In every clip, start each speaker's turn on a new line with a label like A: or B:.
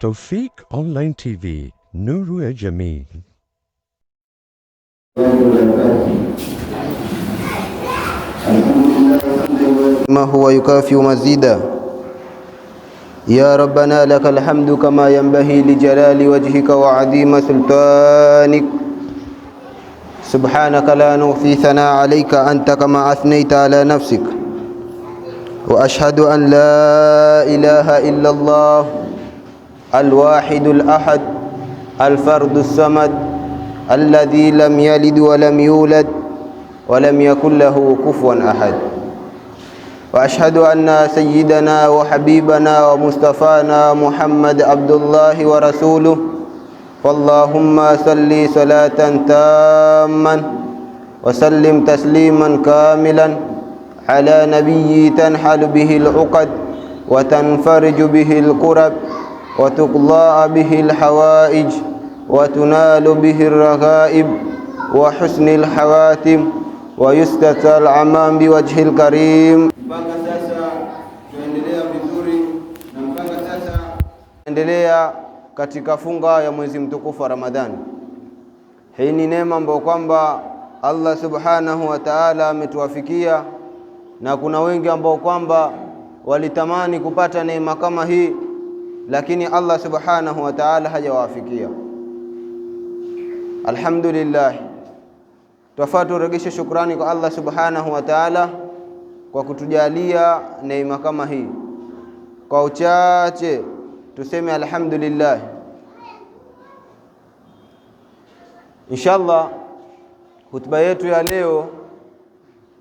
A: توفيق اونلاين تي في نور جميل ما هو يكافئ مزيدا يا ربنا لك الحمد كما ينبغي لجلال وجهك وعظيم سلطانك سبحانك لا نوفي ثناء عليك أنت كما أثنيت على نفسك وأشهد أن لا إله إلا الله الواحد الأحد الفرد الصمد الذي لم يلد ولم يولد ولم يكن له كفوا أحد وأشهد أن سيدنا وحبيبنا ومصطفانا محمد عبد الله ورسوله فاللهم صل صلاة تاما وسلم تسليما كاملا على نبي تنحل به العقد وتنفرج به الكرب وتقضى به الحوائج وتنال به الرغائب وحسن الحواتم ويستثى العمام بوجه الكريم
B: endelea katika funga ya mwezi mtukufu wa Ramadhani. Hii ni neema ambayo kwamba Allah subhanahu wa ta'ala ametuwafikia, na kuna wengi ambao kwamba walitamani kupata neema kama hii lakini Allah subhanahu wa ta'ala hajawafikia. Alhamdulillah, twafaa turegeshe shukrani kwa Allah subhanahu wa ta'ala kwa kutujalia neema kama hii. Kwa uchache tuseme alhamdulillah. Inshallah, hutuba yetu ya leo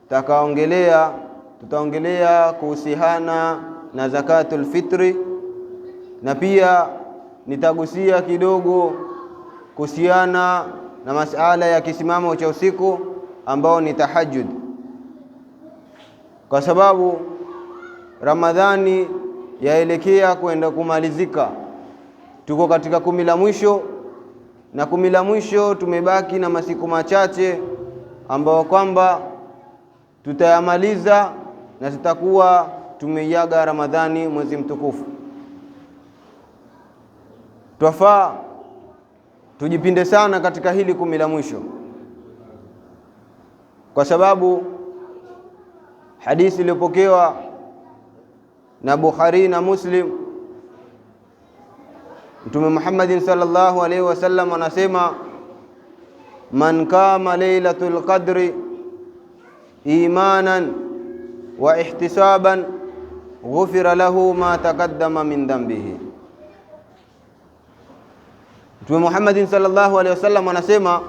B: takaongelea, tutaongelea kuhusiana na zakatul fitri na pia nitagusia kidogo kuhusiana na masala ya kisimamo cha usiku ambao ni tahajjud, kwa sababu Ramadhani yaelekea kwenda kumalizika, tuko katika kumi la mwisho, na kumi la mwisho tumebaki na masiku machache ambao kwamba tutayamaliza na tutakuwa tumeiaga Ramadhani mwezi mtukufu. Twafaa tujipinde sana katika hili kumi la mwisho, kwa sababu hadithi iliyopokewa na Bukhari na Muslim, Mtume Muhammadin sallallahu alaihi wasallam anasema man kama lailatul qadri imanan wa ihtisaban ghufira lahu ma taqaddama min dhanbihi Mtume Muhammadin sallallahu alaihi wasallam anasema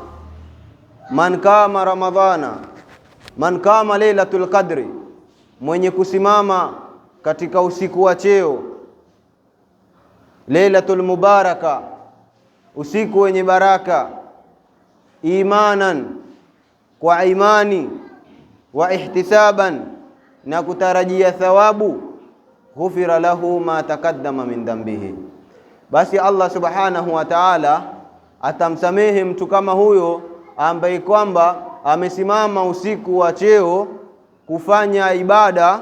B: man kama ramadhana man kama lailatul qadri, mwenye kusimama katika usiku wa cheo lailatul mubaraka, usiku wenye baraka, imanan, kwa imani, wa ihtisaban, na kutarajia thawabu, ghufira lahu ma taqaddama min dhanbihi basi Allah subhanahu wa ta'ala atamsamehe mtu kama huyo ambaye kwamba amesimama usiku wa cheo kufanya ibada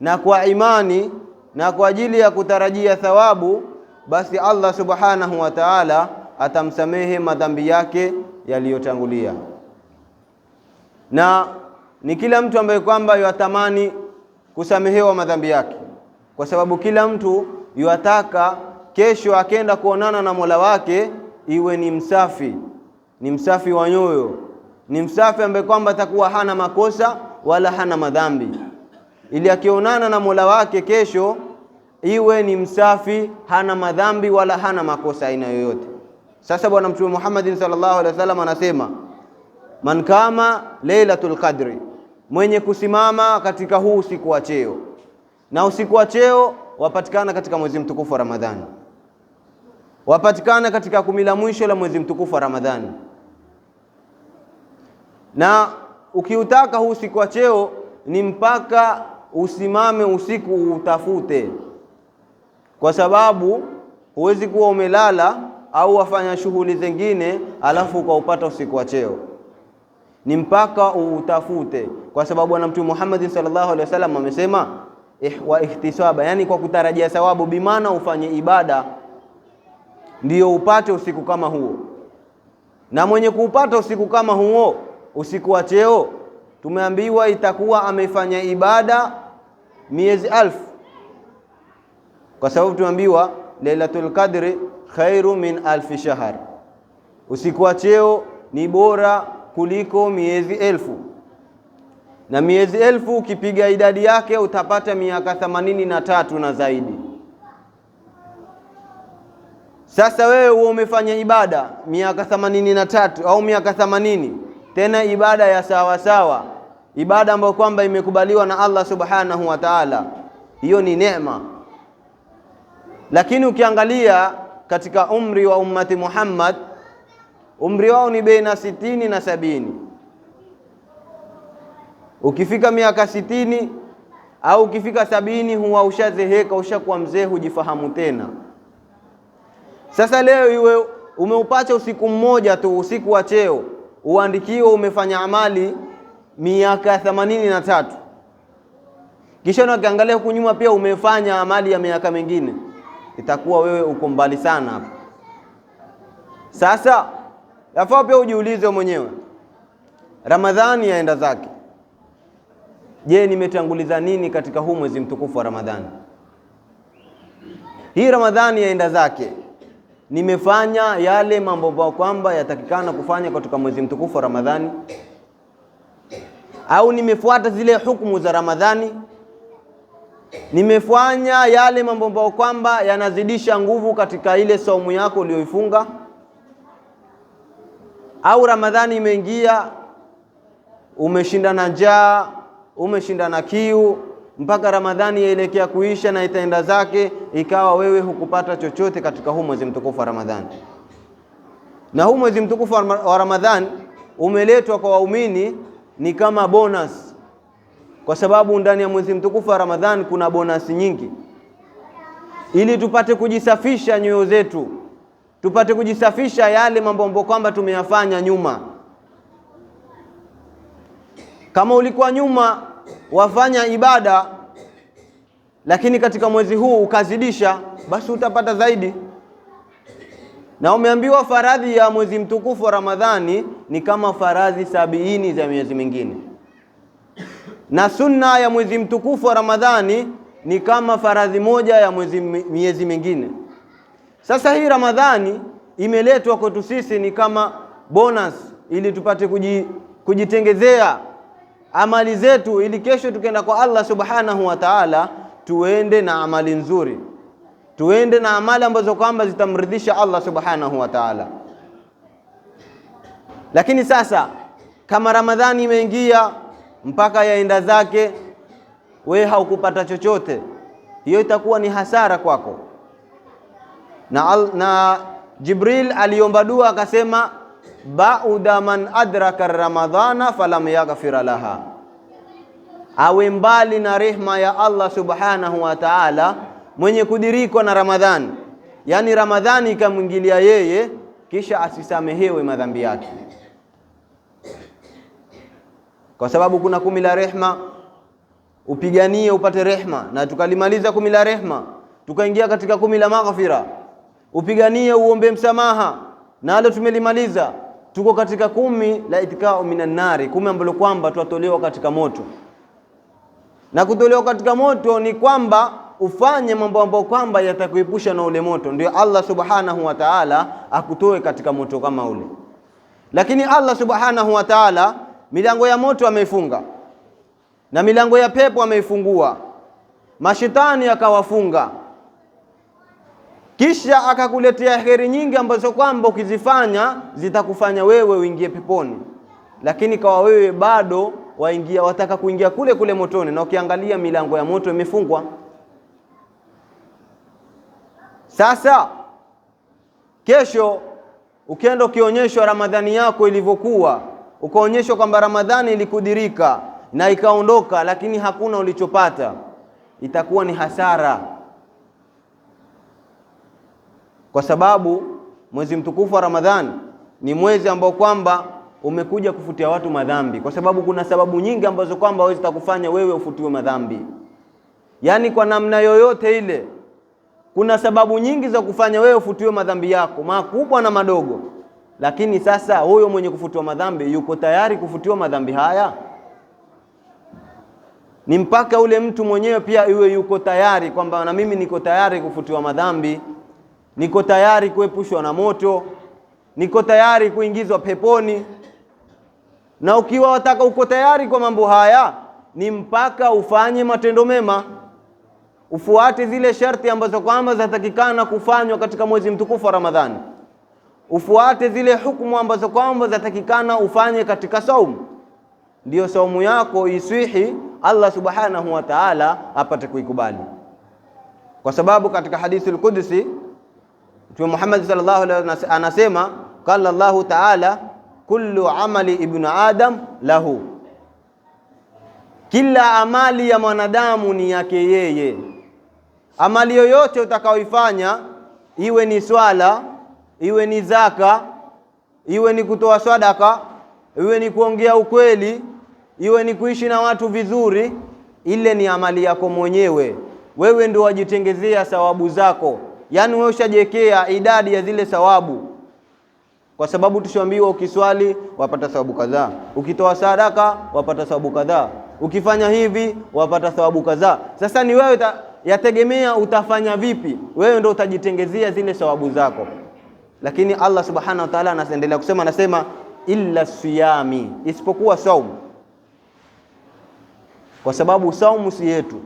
B: na kwa imani na kwa ajili ya kutarajia thawabu, basi Allah subhanahu wa ta'ala atamsamehe madhambi yake yaliyotangulia. Na ni kila mtu ambaye kwamba yatamani kusamehewa madhambi yake, kwa sababu kila mtu yuataka kesho akenda kuonana na Mola wake iwe ni msafi, ni msafi wa nyoyo, ni msafi ambaye kwamba atakuwa hana makosa wala hana madhambi, ili akionana na Mola wake kesho iwe ni msafi, hana madhambi wala hana makosa aina yoyote. Sasa Bwana Mtume Muhammad sallallahu alaihi wasallam anasema man kama lailatul qadri, mwenye kusimama katika huu usiku wa cheo, na usiku wa cheo wapatikana katika mwezi mtukufu wa Ramadhani wapatikana katika kumi la mwisho la mwezi mtukufu wa Ramadhani, na ukiutaka huu usiku wa cheo ni mpaka usimame usiku utafute, kwa sababu huwezi kuwa umelala au wafanya shughuli zingine alafu ukaupata usiku wa cheo. Ni mpaka uutafute, kwa sababu Bwana Mtume Muhammad sallallahu alaihi wasallam amesema eh, wa ihtisaba, yani kwa kutarajia thawabu, bimaana ufanye ibada ndio upate usiku kama huo, na mwenye kuupata usiku kama huo, usiku wa cheo, tumeambiwa itakuwa amefanya ibada miezi alfu, kwa sababu tumeambiwa Lailatul Qadri khairu min alfi shahar, usiku wa cheo ni bora kuliko miezi elfu. Na miezi elfu ukipiga idadi yake utapata miaka themanini na tatu na zaidi. Sasa wewe huwa umefanya ibada miaka themanini na tatu au miaka themanini tena ibada ya sawasawa sawa. Ibada ambayo kwamba imekubaliwa na Allah subhanahu wa ta'ala, hiyo ni neema. Lakini ukiangalia katika umri wa ummati Muhammad, umri wao ni baina sitini na sabini. Ukifika miaka sitini au ukifika sabini, huwa ushazeheka ushakuwa mzee, hujifahamu tena sasa leo iwe umeupata usiku mmoja tu, usiku wa cheo, uandikiwe umefanya amali miaka themanini na tatu, kisha unakiangalia huku nyuma pia umefanya amali ya miaka mingine, itakuwa wewe uko mbali sana hapo. Sasa yafaa pia ujiulize mwenyewe, Ramadhani yaenda zake. Je, nimetanguliza nini katika huu mwezi mtukufu wa Ramadhani? Hii Ramadhani yaenda zake nimefanya yale mambo ambayo kwamba yatakikana kufanya katika mwezi mtukufu wa Ramadhani, au nimefuata zile hukumu za Ramadhani, nimefanya yale mambo ambayo kwamba yanazidisha nguvu katika ile saumu yako uliyoifunga, au Ramadhani imeingia, umeshinda na njaa, umeshinda na kiu mpaka Ramadhani yaelekea kuisha na itaenda zake, ikawa wewe hukupata chochote katika huu mwezi mtukufu wa Ramadhani. Na huu mwezi mtukufu wa Ramadhani umeletwa kwa waumini ni kama bonus, kwa sababu ndani ya mwezi mtukufu wa Ramadhani kuna bonus nyingi, ili tupate kujisafisha nyoyo zetu, tupate kujisafisha yale mambo ambayo kwamba tumeyafanya nyuma. Kama ulikuwa nyuma wafanya ibada, lakini katika mwezi huu ukazidisha, basi utapata zaidi. Na umeambiwa faradhi ya mwezi mtukufu wa Ramadhani ni kama faradhi sabiini za miezi mingine, na sunna ya mwezi mtukufu wa Ramadhani ni kama faradhi moja ya mwezi miezi mingine. Sasa hii Ramadhani imeletwa kwetu sisi ni kama bonus, ili tupate kujitengezea amali zetu, ili kesho tukienda kwa Allah subhanahu wa ta'ala, tuende na amali nzuri, tuende na amali ambazo kwamba zitamridhisha Allah subhanahu wa ta'ala. Lakini sasa kama Ramadhani imeingia mpaka yaenda zake, we haukupata chochote, hiyo itakuwa ni hasara kwako. Na, na Jibril aliomba dua akasema bauda man adraka ramadhana falam yaghfira laha, awe mbali na rehma ya Allah subhanahu wa ta'ala, mwenye kudirikwa na Ramadhani, yani Ramadhani ikamwingilia yeye kisha asisamehewe madhambi yake, kwa sababu kuna kumi la rehma, upiganie upate rehma, na tukalimaliza kumi la rehma, tukaingia katika kumi la maghfira, upiganie uombe msamaha, nalo tumelimaliza tuko katika kumi la itikao minan nari, kumi ambalo kwamba twatolewa katika moto. Na kutolewa katika moto ni kwamba ufanye mambo ambayo kwamba yatakuepusha na ule moto, ndio Allah subhanahu wa ta'ala akutoe katika moto kama ule. Lakini Allah subhanahu wa ta'ala milango ya moto ameifunga na milango ya pepo ameifungua, mashetani akawafunga kisha akakuletea heri nyingi ambazo kwamba ukizifanya zitakufanya wewe uingie peponi, lakini kawa wewe bado waingia wataka kuingia kule kule motoni, na ukiangalia milango ya moto imefungwa. Sasa kesho ukienda ukionyeshwa Ramadhani yako ilivyokuwa, ukaonyeshwa kwamba Ramadhani ilikudirika na ikaondoka, lakini hakuna ulichopata, itakuwa ni hasara kwa sababu mwezi mtukufu wa Ramadhani ni mwezi ambao kwamba umekuja kufutia watu madhambi, kwa sababu kuna sababu nyingi ambazo kwamba wewe zitakufanya wewe ufutiwe madhambi, yaani kwa namna yoyote ile. Kuna sababu nyingi za kufanya wewe ufutiwe madhambi yako makubwa na madogo. Lakini sasa huyo mwenye kufutiwa madhambi yuko tayari kufutiwa madhambi haya? Ni mpaka ule mtu mwenyewe pia iwe yuko tayari kwamba na mimi niko tayari kufutiwa madhambi niko tayari kuepushwa na moto, niko tayari kuingizwa peponi. Na ukiwa wataka uko tayari kwa mambo haya, ni mpaka ufanye matendo mema, ufuate zile sharti ambazo kwamba zatakikana kufanywa katika mwezi mtukufu wa Ramadhani, ufuate zile hukumu ambazo kwamba zatakikana ufanye katika saumu, ndiyo saumu yako iswihi Allah subhanahu wa ta'ala apate kuikubali, kwa sababu katika hadithi al-Qudsi Mtume Muhammad sallallahu alaihi wasallam anasema qala Allahu ta'ala, kullu amali ibnu adam lahu, kila amali ya mwanadamu ni yake yeye. Amali yoyote utakaoifanya, iwe ni swala, iwe ni zaka, iwe ni kutoa sadaka, iwe ni kuongea ukweli, iwe ni kuishi na watu vizuri, ile ni amali yako mwenyewe. Wewe ndio wajitengezea thawabu zako yaani wewe ushajiwekea idadi ya zile thawabu, kwa sababu tushaambiwa ukiswali wapata thawabu kadhaa, ukitoa sadaka wapata thawabu kadhaa, ukifanya hivi wapata thawabu kadhaa. Sasa ni wewe yategemea utafanya vipi, wewe ndio utajitengezea zile thawabu zako. Lakini Allah subhanahu wa ta'ala anaendelea kusema, anasema illa siyami, isipokuwa saumu, kwa sababu saumu si yetu,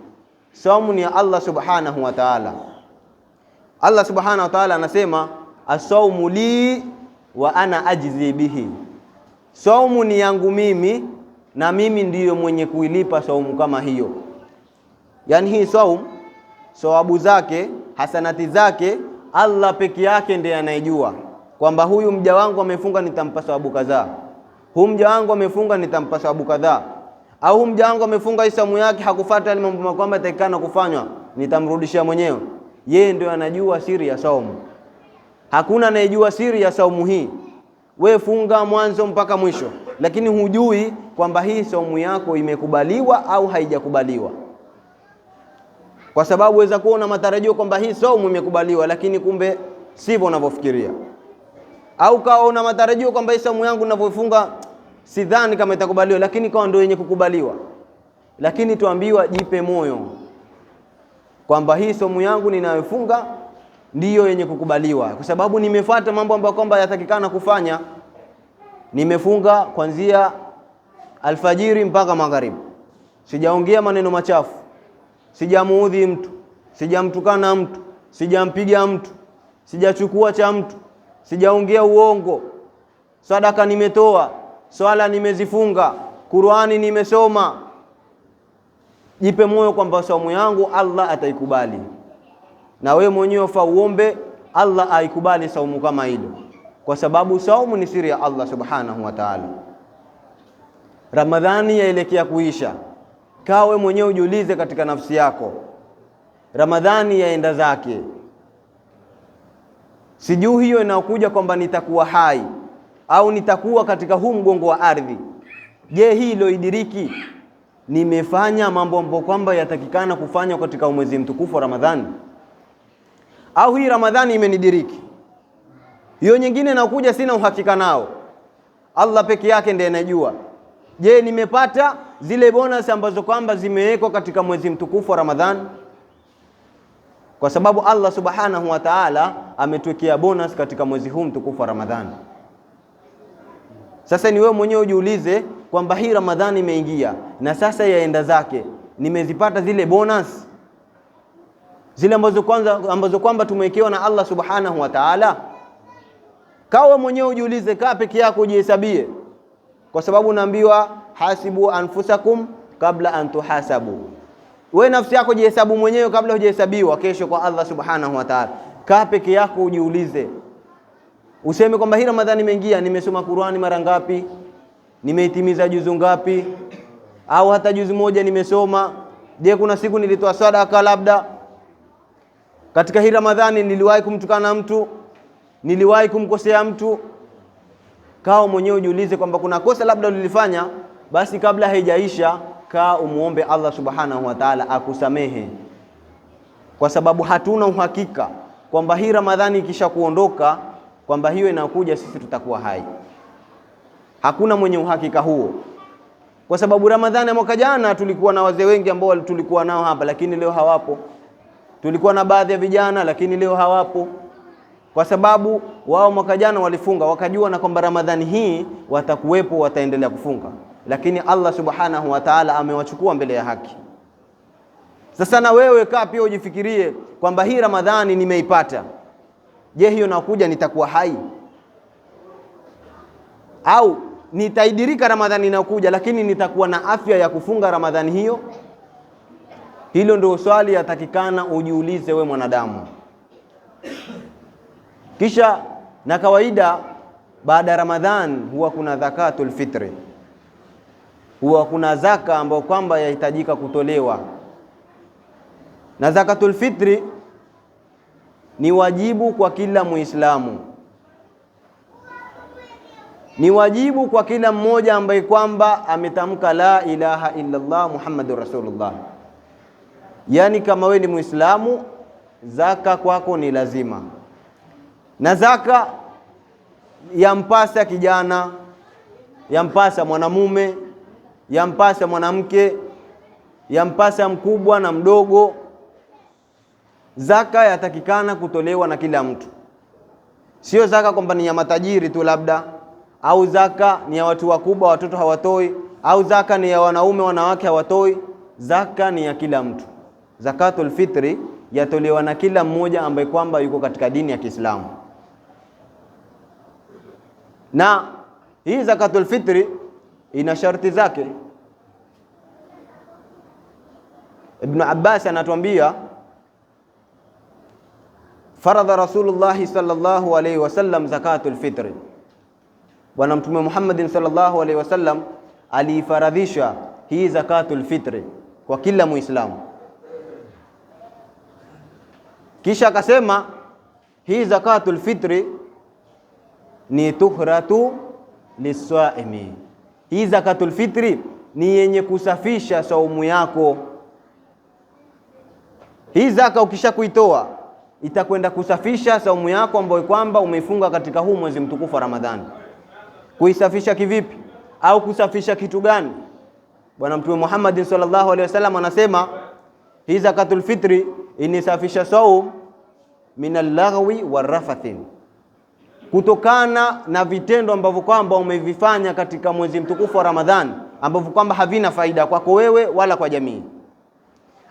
B: saumu ni ya Allah subhanahu wa ta'ala. Allah subhanahu wa ta'ala anasema asaumu li wa ana ajzi bihi, saumu ni yangu mimi na mimi ndiyo mwenye kuilipa saumu kama hiyo. yani hii saumu sawabu zake hasanati zake Allah peke yake ndiye anayejua kwamba huyu mja wangu amefunga, nitampa sawabu kadhaa. Huyu mja wangu amefunga, nitampa sawabu kadhaa. Au huyu mja wangu amefunga hii saumu yake hakufuata mambo kwamba atakikana kufanywa, nitamrudishia mwenyewe yeye ndio anajua siri ya saumu. Hakuna anayejua siri ya saumu hii. We funga mwanzo mpaka mwisho, lakini hujui kwamba hii saumu yako imekubaliwa au haijakubaliwa, kwa sababu weza kuwa una matarajio kwamba hii saumu imekubaliwa, lakini kumbe sivyo unavyofikiria, au kawa una matarajio kwamba hii saumu yangu ninavyofunga sidhani kama itakubaliwa, lakini kawa ndio yenye kukubaliwa. Lakini tuambiwa jipe moyo kwamba hii somu yangu ninayofunga ndiyo yenye kukubaliwa, kwa sababu nimefuata mambo ambayo kwamba yatakikana kufanya. Nimefunga kuanzia alfajiri mpaka magharibi, sijaongea maneno machafu, sijamuudhi mtu, sijamtukana mtu, sijampiga mtu, sijachukua cha mtu, sijaongea uongo, sadaka nimetoa, swala nimezifunga, Qur'ani nimesoma jipe moyo kwamba saumu yangu Allah ataikubali, na wewe mwenyewe fa uombe Allah aikubali saumu kama hilo, kwa sababu saumu ni siri ya Allah subhanahu wa ta'ala. Ramadhani yaelekea kuisha, kawe mwenyewe ujiulize katika nafsi yako, Ramadhani yaenda zake, sijui hiyo inayokuja kwamba nitakuwa hai au nitakuwa katika huu mgongo wa ardhi. Je, hii iloidiriki nimefanya mambo ambayo kwamba yatakikana kufanya katika mwezi mtukufu wa Ramadhani, au hii Ramadhani imenidiriki, hiyo nyingine nakuja sina uhakika nao. Allah peke yake ndiye anajua. Je, nimepata zile bonus ambazo kwamba zimewekwa katika mwezi mtukufu wa Ramadhani? Kwa sababu Allah subhanahu wa ta'ala ametwekea bonus katika mwezi huu mtukufu wa Ramadhani. Sasa ni wewe mwenyewe ujiulize kwamba hii Ramadhani imeingia na sasa yaenda zake, nimezipata zile bonus zile ambazo kwanza ambazo kwamba tumewekewa na Allah subhanahu wa ta'ala. Kawa mwenyewe ujiulize, kaa peke yako ujihesabie, kwa sababu unaambiwa hasibu anfusakum kabla an tuhasabu. We nafsi yako jihesabu mwenyewe kabla hujahesabiwa kesho kwa Allah subhanahu wa ta'ala. Kaa peke yako ujiulize, useme kwamba hii Ramadhani imeingia, nimesoma Qur'ani mara ngapi? nimeitimiza juzu ngapi? Au hata juzu moja nimesoma? Je, kuna siku nilitoa sadaka? Labda katika hii Ramadhani niliwahi kumtukana mtu, niliwahi kumkosea mtu. Kaa mwenyewe ujiulize kwamba kuna kosa labda ulilifanya, basi kabla haijaisha kaa umuombe Allah subhanahu wa ta'ala akusamehe, kwa sababu hatuna uhakika kwamba hii Ramadhani ikisha kuondoka kwamba hiyo inakuja sisi tutakuwa hai. Hakuna mwenye uhakika huo, kwa sababu Ramadhani ya mwaka jana tulikuwa na wazee wengi ambao tulikuwa nao hapa, lakini leo hawapo. Tulikuwa na baadhi ya vijana, lakini leo hawapo, kwa sababu wao mwaka jana walifunga, wakajua na kwamba Ramadhani hii watakuwepo, wataendelea kufunga, lakini Allah subhanahu wa ta'ala amewachukua mbele ya haki. Sasa na wewe kaa pia ujifikirie kwamba hii Ramadhani nimeipata. Je, hiyo nakuja nitakuwa hai au nitaidirika Ramadhani inakuja, lakini nitakuwa na afya ya kufunga Ramadhani hiyo? Hilo ndio swali yatakikana ujiulize we mwanadamu. Kisha na kawaida, baada ya Ramadhan huwa kuna zakatul fitri, huwa kuna zaka ambayo kwamba yahitajika kutolewa, na zakatul fitri ni wajibu kwa kila Muislamu. Ni wajibu kwa kila mmoja ambaye kwamba ametamka la ilaha illallah muhammadur rasulullah. Yaani, kama wewe ni Muislamu, zaka kwako ni lazima, na zaka yampasa kijana, yampasa mwanamume, yampasa mwanamke, yampasa mkubwa na mdogo. Zaka yatakikana kutolewa na kila mtu, sio zaka kwamba ni ya matajiri tu labda au zaka ni ya watu wakubwa, watoto hawatoi, au zaka ni ya wanaume, wanawake hawatoi. Zaka ni ya kila mtu. Zakatul fitri yatolewa na kila mmoja ambaye kwamba yuko katika dini ya Kiislamu, na hii zakatul fitri ina sharti zake. Ibn Abbas anatuambia faradha Rasulullah sallallahu alaihi wasallam zakatul fitri Bwana Mtume Muhammadin sallallahu alaihi wasallam aliifaradhisha hii zakatul fitri kwa kila Muislamu, kisha akasema hii zakatul fitri ni tuhratu liswaimi, hii zakatul fitri ni yenye kusafisha saumu yako. Hii zaka ukisha kuitoa itakwenda kusafisha saumu yako ambayo kwamba umeifunga katika huu mwezi mtukufu wa Ramadhani. Kuisafisha kivipi au kusafisha kitu gani? Bwana Mtume Muhammad sallallahu alaihi wasallam anasema hii zakatul fitri inisafisha saum min allaghwi warafathin, kutokana na vitendo ambavyo kwamba umevifanya katika mwezi mtukufu wa Ramadhani ambavyo kwamba havina faida kwako wewe wala kwa jamii,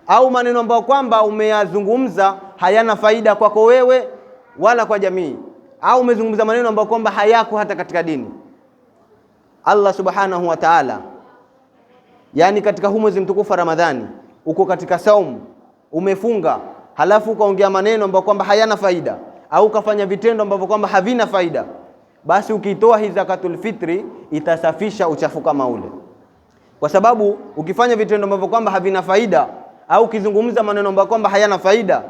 B: au maneno ambayo kwamba umeyazungumza hayana faida kwako wewe wala kwa jamii, au umezungumza maneno ambayo kwamba hayako hata katika dini. Allah subhanahu wa ta'ala, yaani katika huu mwezi mtukufu wa Ramadhani, uko katika saumu, umefunga, halafu ukaongea maneno ambayo kwamba hayana faida au ukafanya vitendo ambavyo kwamba havina faida, basi ukitoa hii zakatul fitri itasafisha uchafu kama ule, kwa sababu ukifanya vitendo ambavyo kwamba havina faida au ukizungumza maneno ambayo kwamba hayana faida,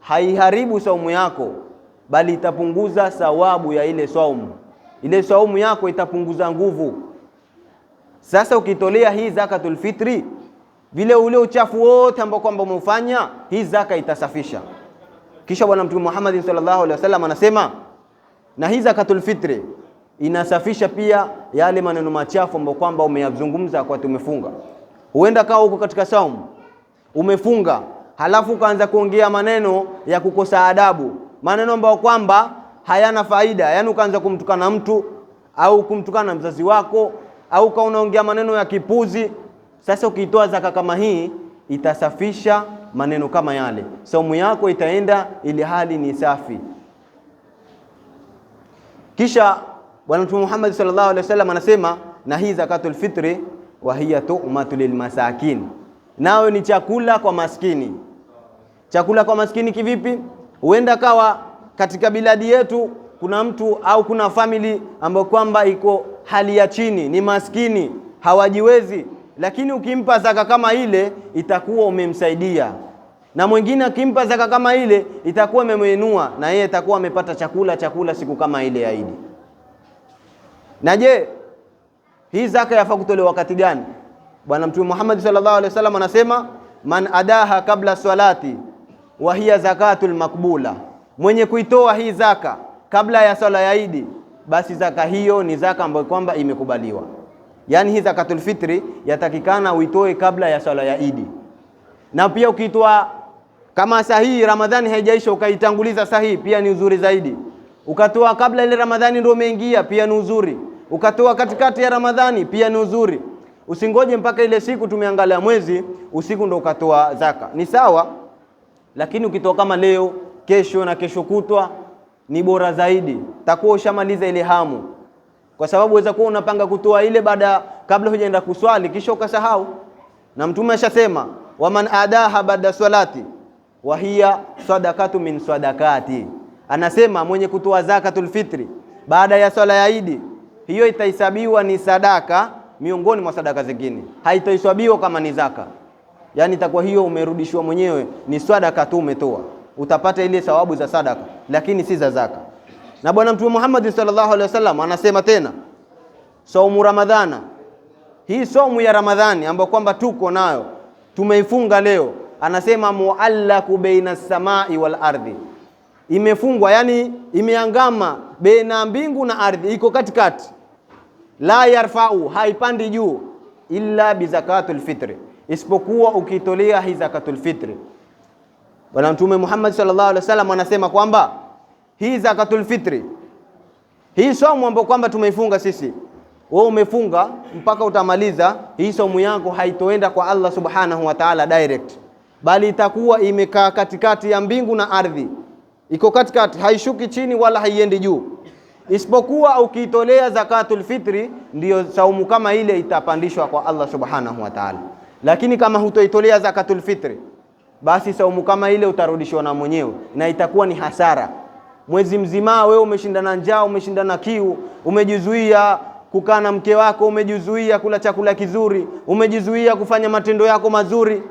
B: haiharibu saumu yako, bali itapunguza sawabu ya ile saumu ile saumu yako itapunguza nguvu. Sasa ukitolea hii zakatul fitri, vile ule uchafu wote ambao kwamba umeufanya, hii zaka itasafisha. Kisha Bwana Mtume Muhammad sallallahu alaihi wasallam anasema, na hii zakatul fitri inasafisha pia yale maneno machafu ambayo kwamba umeyazungumza wakati umefunga. Huenda kawa huko katika saumu umefunga, halafu ukaanza kuongea maneno ya kukosa adabu, maneno ambayo kwamba hayana faida. Yaani ukaanza kumtukana mtu au kumtukana mzazi wako au ka unaongea maneno ya kipuzi. Sasa ukitoa zaka kama hii itasafisha maneno kama yale, saumu yako itaenda ili hali ni safi. Kisha Bwana Mtume Muhammad sallallahu alaihi wasallam anasema, na hii zakatul fitri wa hiya tu'matu lilmasakin, nayo ni chakula kwa maskini. Chakula kwa maskini kivipi? Huenda kawa katika biladi yetu kuna mtu au kuna famili ambayo kwamba iko hali ya chini, ni maskini, hawajiwezi, lakini ukimpa zaka kama ile itakuwa umemsaidia, na mwingine akimpa zaka kama ile itakuwa imemwinua, na yeye atakuwa amepata chakula chakula siku kama ile ya Idi. Na je, hii zaka yafaa kutolewa wakati gani? Bwana Mtume Muhammad sallallahu alaihi wasallam anasema man adaha kabla salati wa hiya zakatul makbula mwenye kuitoa hii zaka kabla ya swala ya Idi, basi zaka hiyo ni zaka ambayo kwamba imekubaliwa. Yaani hii zakatul fitri yatakikana uitoe kabla ya swala ya Idi, na pia ukiitoa kama sahihi Ramadhani haijaisha ukaitanguliza sahihi, pia ni uzuri zaidi. Ukatoa kabla ile Ramadhani ndio umeingia, pia ni uzuri. Ukatoa katikati ya Ramadhani, pia ni uzuri. Usingoje mpaka ile siku tumeangalia mwezi usiku ndo ukatoa zaka, ni sawa. Lakini ukitoa kama leo kesho na kesho kutwa ni bora zaidi, takuwa ushamaliza ile hamu, kwa sababu waweza kuwa unapanga kutoa ile baada kabla hujaenda kuswali kisha ukasahau. Na Mtume ashasema waman adaha baada swalati wa hiya sadakatu min sadakati, anasema mwenye kutoa zakatul fitri baada ya swala ya Idi, hiyo itahesabiwa ni sadaka miongoni mwa sadaka zingine, haitahesabiwa kama ni zaka. Yani itakuwa hiyo umerudishiwa mwenyewe, ni sadaka tu umetoa utapata ile thawabu za sadaka, lakini si za zaka. Na Bwana Mtume Muhammad sallallahu alaihi wasallam anasema tena, saumu Ramadhana, hii saumu ya Ramadhani ambayo kwamba tuko nayo tumeifunga leo, anasema muallaku baina samai wal ardhi, imefungwa yani imeangama baina mbingu na ardhi, iko katikati. La yarfau, haipandi juu, illa bizakatul fitri, isipokuwa ukitolea hii zakatul fitri Bwana Mtume Muhammad sallallahu alaihi wasallam anasema kwamba hii zakatul fitri, hii somu ambayo kwamba tumeifunga sisi, wewe umefunga mpaka utamaliza hii somu yako, haitoenda kwa Allah subhanahu wa ta'ala direct, bali itakuwa imekaa katikati ya mbingu na ardhi, iko katikati, haishuki chini wala haiendi juu, isipokuwa ukiitolea zakatul fitri, ndiyo saumu kama ile itapandishwa kwa Allah subhanahu wa ta'ala. Lakini kama hutoitolea zakatul fitri basi saumu kama ile utarudishwa na mwenyewe na itakuwa ni hasara. Mwezi mzima we umeshinda na njaa, umeshinda na kiu, umejizuia kukaa na mke wako, umejizuia kula chakula kizuri, umejizuia kufanya matendo yako mazuri,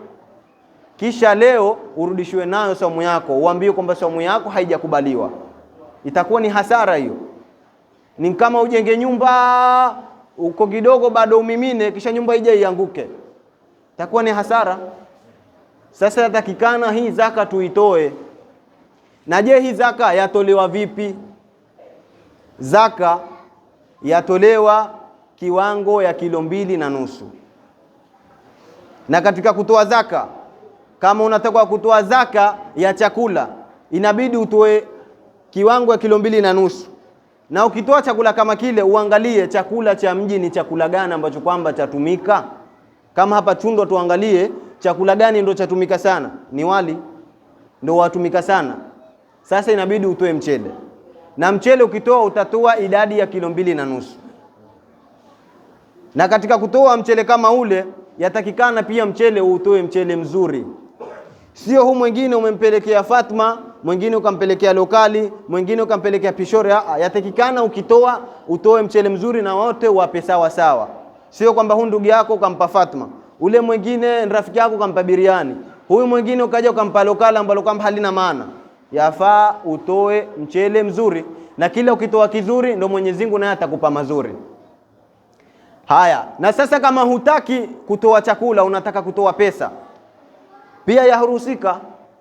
B: kisha leo urudishiwe nayo saumu yako, uambiwe kwamba saumu yako haijakubaliwa. Itakuwa ni hasara hiyo. Ni kama ujenge nyumba uko kidogo bado umimine, kisha nyumba ije ianguke, itakuwa ni hasara. Sasa yatakikana hii zaka tuitoe. Na je, hii zaka yatolewa vipi? Zaka yatolewa kiwango ya kilo mbili na nusu. Na katika kutoa zaka, kama unataka kutoa zaka ya chakula, inabidi utoe kiwango ya kilo mbili na nusu. Na ukitoa chakula kama kile, uangalie chakula cha mji ni chakula gani ambacho kwamba chatumika. Kama hapa Chundo, tuangalie chakula gani ndo chatumika sana? Ni wali ndo watumika sana. Sasa inabidi utoe mchele, na mchele ukitoa utatoa idadi ya kilo mbili na nusu. Na katika kutoa mchele kama ule, yatakikana pia mchele uutoe mchele mzuri, sio huu mwingine umempelekea Fatma, mwingine ukampelekea lokali, mwingine ukampelekea pishore. Yatakikana ukitoa utoe mchele mzuri na wote wape sawa sawa, sio kwamba huu ndugu yako ukampa Fatma ule mwingine rafiki yako ukampa biriani, huyu mwingine ukaja ukampa lokala ambalo kwamba halina maana. Yafaa utoe mchele mzuri, na kila ukitoa kizuri ndio Mwenyezi Mungu naye atakupa mazuri. Haya, na sasa kama hutaki kutoa chakula, unataka kutoa pesa, pia yahurusika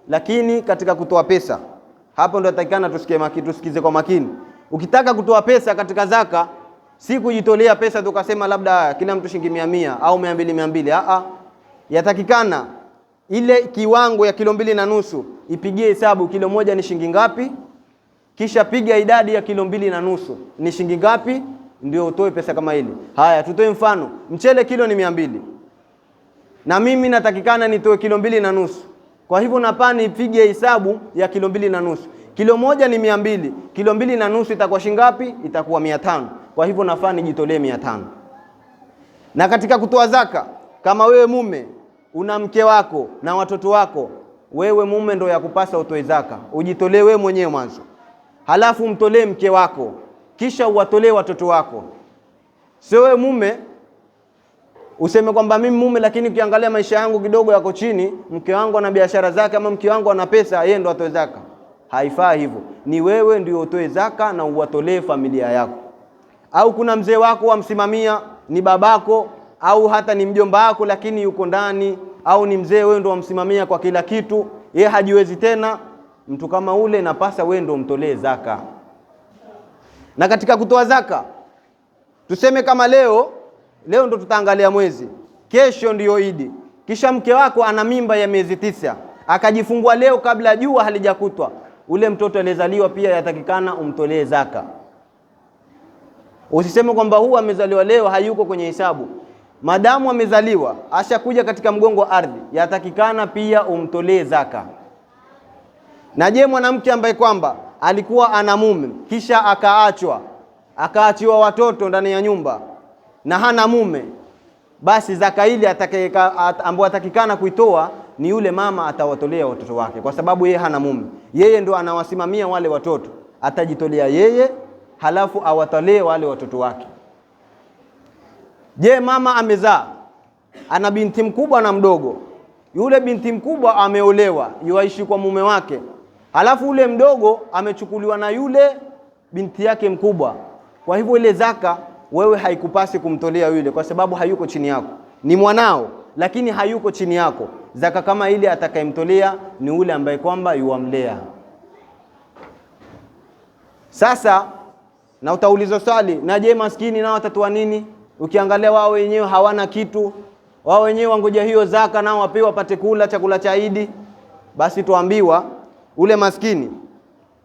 B: lakini katika kutoa pesa hapo ndio atakikana tusikie makini, tusikize kwa makini. Ukitaka kutoa pesa katika zaka si kujitolea pesa tukasema labda kila mtu shilingi mia mia au mia mbili mia mbili Aa, yatakikana ile kiwango ya kilo mbili na nusu ipigie hesabu, kilo moja ni shilingi ngapi, kisha piga idadi ya kilo mbili na nusu ni shilingi ngapi, ndio utoe pesa kama ile. Haya, tutoe mfano, mchele kilo ni mia mbili na mimi natakikana nitoe kilo mbili na nusu kwa hivyo napani ipige hesabu ya kilo mbili na nusu. Kilo moja ni mia mbili, kilo mbili na nusu itakuwa shilingi ngapi? Itakuwa mia tano. Kwa hivyo nafaa nijitolee mia tano. Na katika kutoa zaka, kama wewe mume una mke wako na watoto wako, wewe mume ndo yakupasa utoe zaka, ujitolee wewe mwenyewe mwanzo, halafu mtolee mke wako, kisha uwatolee watoto wako. Sio wewe mume useme kwamba mimi mume, lakini ukiangalia maisha yangu kidogo yako chini, mke wangu ana biashara zake, ama mke wangu ana pesa, yeye ndo atoe zaka. Haifai hivyo, ni wewe ndio utoe zaka na uwatolee familia yako au kuna mzee wako wamsimamia, ni babako au hata ni mjomba wako, lakini yuko ndani, au ni mzee wewe ndo wamsimamia kwa kila kitu, ye hajiwezi tena. Mtu kama ule napasa wewe ndo umtolee zaka. Na katika kutoa zaka, tuseme kama leo leo ndo tutaangalia mwezi, kesho ndiyo Idi, kisha mke wako ana mimba ya miezi tisa akajifungua leo kabla jua halijakutwa, ule mtoto aliyezaliwa pia yatakikana umtolee zaka. Usiseme kwamba huu amezaliwa leo hayuko kwenye hisabu. Madamu amezaliwa ashakuja katika mgongo wa ardhi, yatakikana pia umtolee zaka. Na je, mwanamke ambaye kwamba alikuwa ana mume kisha akaachwa akaachiwa watoto ndani ya nyumba na hana mume, basi zaka ile ambayo atakikana kuitoa ni yule mama atawatolea watoto wake, kwa sababu yeye hana mume, yeye ndo anawasimamia wale watoto, atajitolea yeye halafu awatolee wale watoto wake. Je, mama amezaa, ana binti mkubwa na mdogo. Yule binti mkubwa ameolewa, yuaishi kwa mume wake, halafu ule mdogo amechukuliwa na yule binti yake mkubwa. Kwa hivyo ile zaka wewe haikupasi kumtolea yule, kwa sababu hayuko chini yako, ni mwanao lakini hayuko chini yako. Zaka kama ile atakayemtolea ni ule ambaye kwamba yuamlea. Sasa na utauliza swali, na je, maskini nao watatua nini? Ukiangalia wao wenyewe hawana kitu, wao wenyewe wangoja hiyo zaka, nao wapewe wapate kula chakula cha Idi. Basi tuambiwa ule maskini,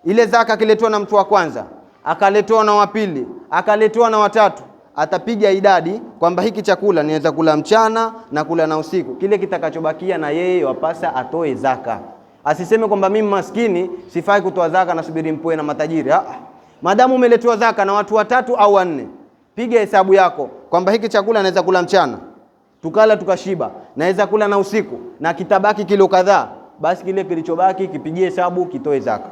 B: ile zaka akiletewa na mtu wa kwanza, akaletewa na wa pili, akaletewa na watatu, atapiga idadi kwamba hiki chakula niweza kula mchana na kula na usiku, kile kitakachobakia na yeye wapasa atoe zaka. Asiseme kwamba mimi maskini sifai kutoa zaka, nasubiri mpoe na matajiri. Ah. ah madamu umeletewa zaka na watu watatu au wanne, piga hesabu yako kwamba hiki chakula naweza kula mchana tukala tukashiba, naweza kula na usiku, na kitabaki kilo kadhaa, basi kile kilichobaki kipigie hesabu, kitoe zaka.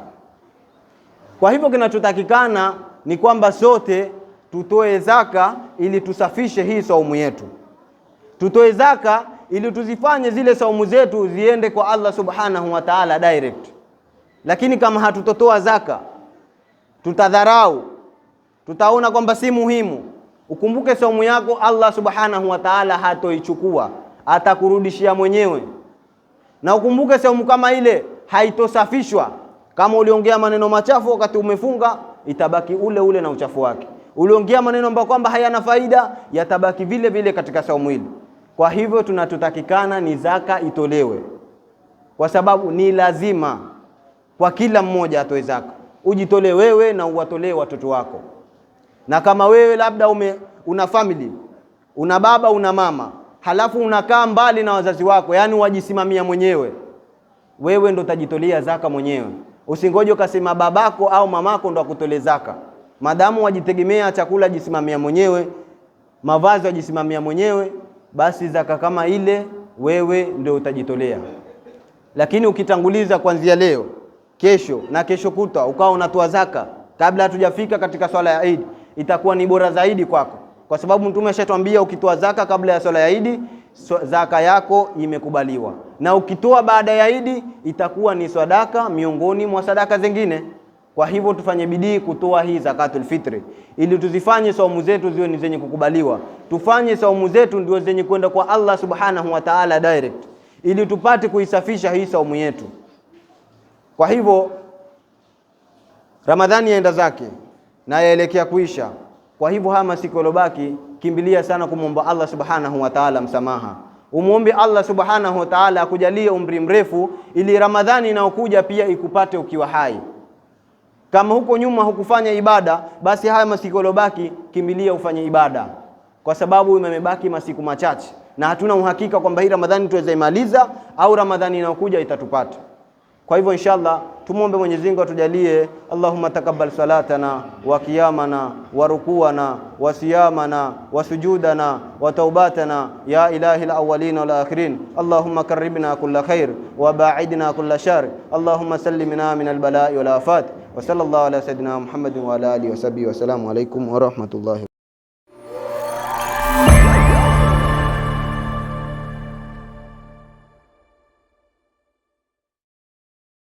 B: Kwa hivyo kinachotakikana ni kwamba sote tutoe zaka ili tusafishe hii saumu yetu, tutoe zaka ili tuzifanye zile saumu zetu ziende kwa Allah subhanahu wa ta'ala direct. Lakini kama hatutotoa zaka tutadharau, tutaona kwamba si muhimu. Ukumbuke saumu yako Allah subhanahu wa ta'ala hatoichukua, atakurudishia mwenyewe. Na ukumbuke saumu kama ile haitosafishwa. Kama uliongea maneno machafu wakati umefunga, itabaki ule ule na uchafu wake. Uliongea maneno ambayo kwamba hayana faida, yatabaki vile vile katika saumu ile. Kwa hivyo tunatutakikana ni zaka itolewe, kwa sababu ni lazima kwa kila mmoja atoe zaka ujitolee wewe na uwatolee watoto wako. Na kama wewe labda ume, una family una baba una mama, halafu unakaa mbali na wazazi wako, yaani wajisimamia mwenyewe, wewe ndo utajitolea zaka mwenyewe. Usingoje ukasema babako au mamako ndo akutolee zaka. Madamu wajitegemea, chakula ajisimamia mwenyewe, mavazi wajisimamia mwenyewe, basi zaka kama ile wewe ndio utajitolea. Lakini ukitanguliza kuanzia leo kesho na kesho kutwa ukawa unatoa zaka kabla hatujafika katika swala ya Eid, itakuwa ni bora zaidi kwako, kwa sababu Mtume ashatwambia ukitoa zaka kabla ya swala ya Eid zaka yako imekubaliwa, na ukitoa baada ya Eid itakuwa ni sadaka miongoni mwa sadaka zingine. Kwa hivyo tufanye bidii kutoa hii zakatul fitri ili tuzifanye saumu zetu ziwe ni zenye kukubaliwa, tufanye saumu zetu ndio zenye kwenda kwa Allah subhanahu wa ta'ala direct, ili tupate kuisafisha hii saumu yetu. Kwa hivyo Ramadhani yaenda zake na yaelekea kuisha. Kwa hivyo haya masiku yalobaki, kimbilia sana kumwomba Allah subhanahu wa ta'ala msamaha. Umwombe Allah subhanahu wa ta'ala akujalie umri mrefu, ili Ramadhani inayokuja pia ikupate ukiwa hai. Kama huko nyuma hukufanya ibada, basi haya masiku yalobaki, kimbilia ufanye ibada, kwa sababu imebaki masiku machache na hatuna uhakika kwamba hii Ramadhani tuweza imaliza au Ramadhani inayokuja itatupata. Kwa hivyo inshallah tumwombe Mwenyezi Mungu atujalie, Allahumma takabbal salatana wa qiyamana wa rukuana wa siyamana wa sujudana wa taubatana ya ilahi alawalin wal akhirin Allahumma karibna kulla khair wa ba'idna kulla shar Allahumma sallimna min albala'i wal afat wa sallallahu ala sayidina Muhammad wa ala alihi wa sahbihi wa salam alaykum wa rahmatullahi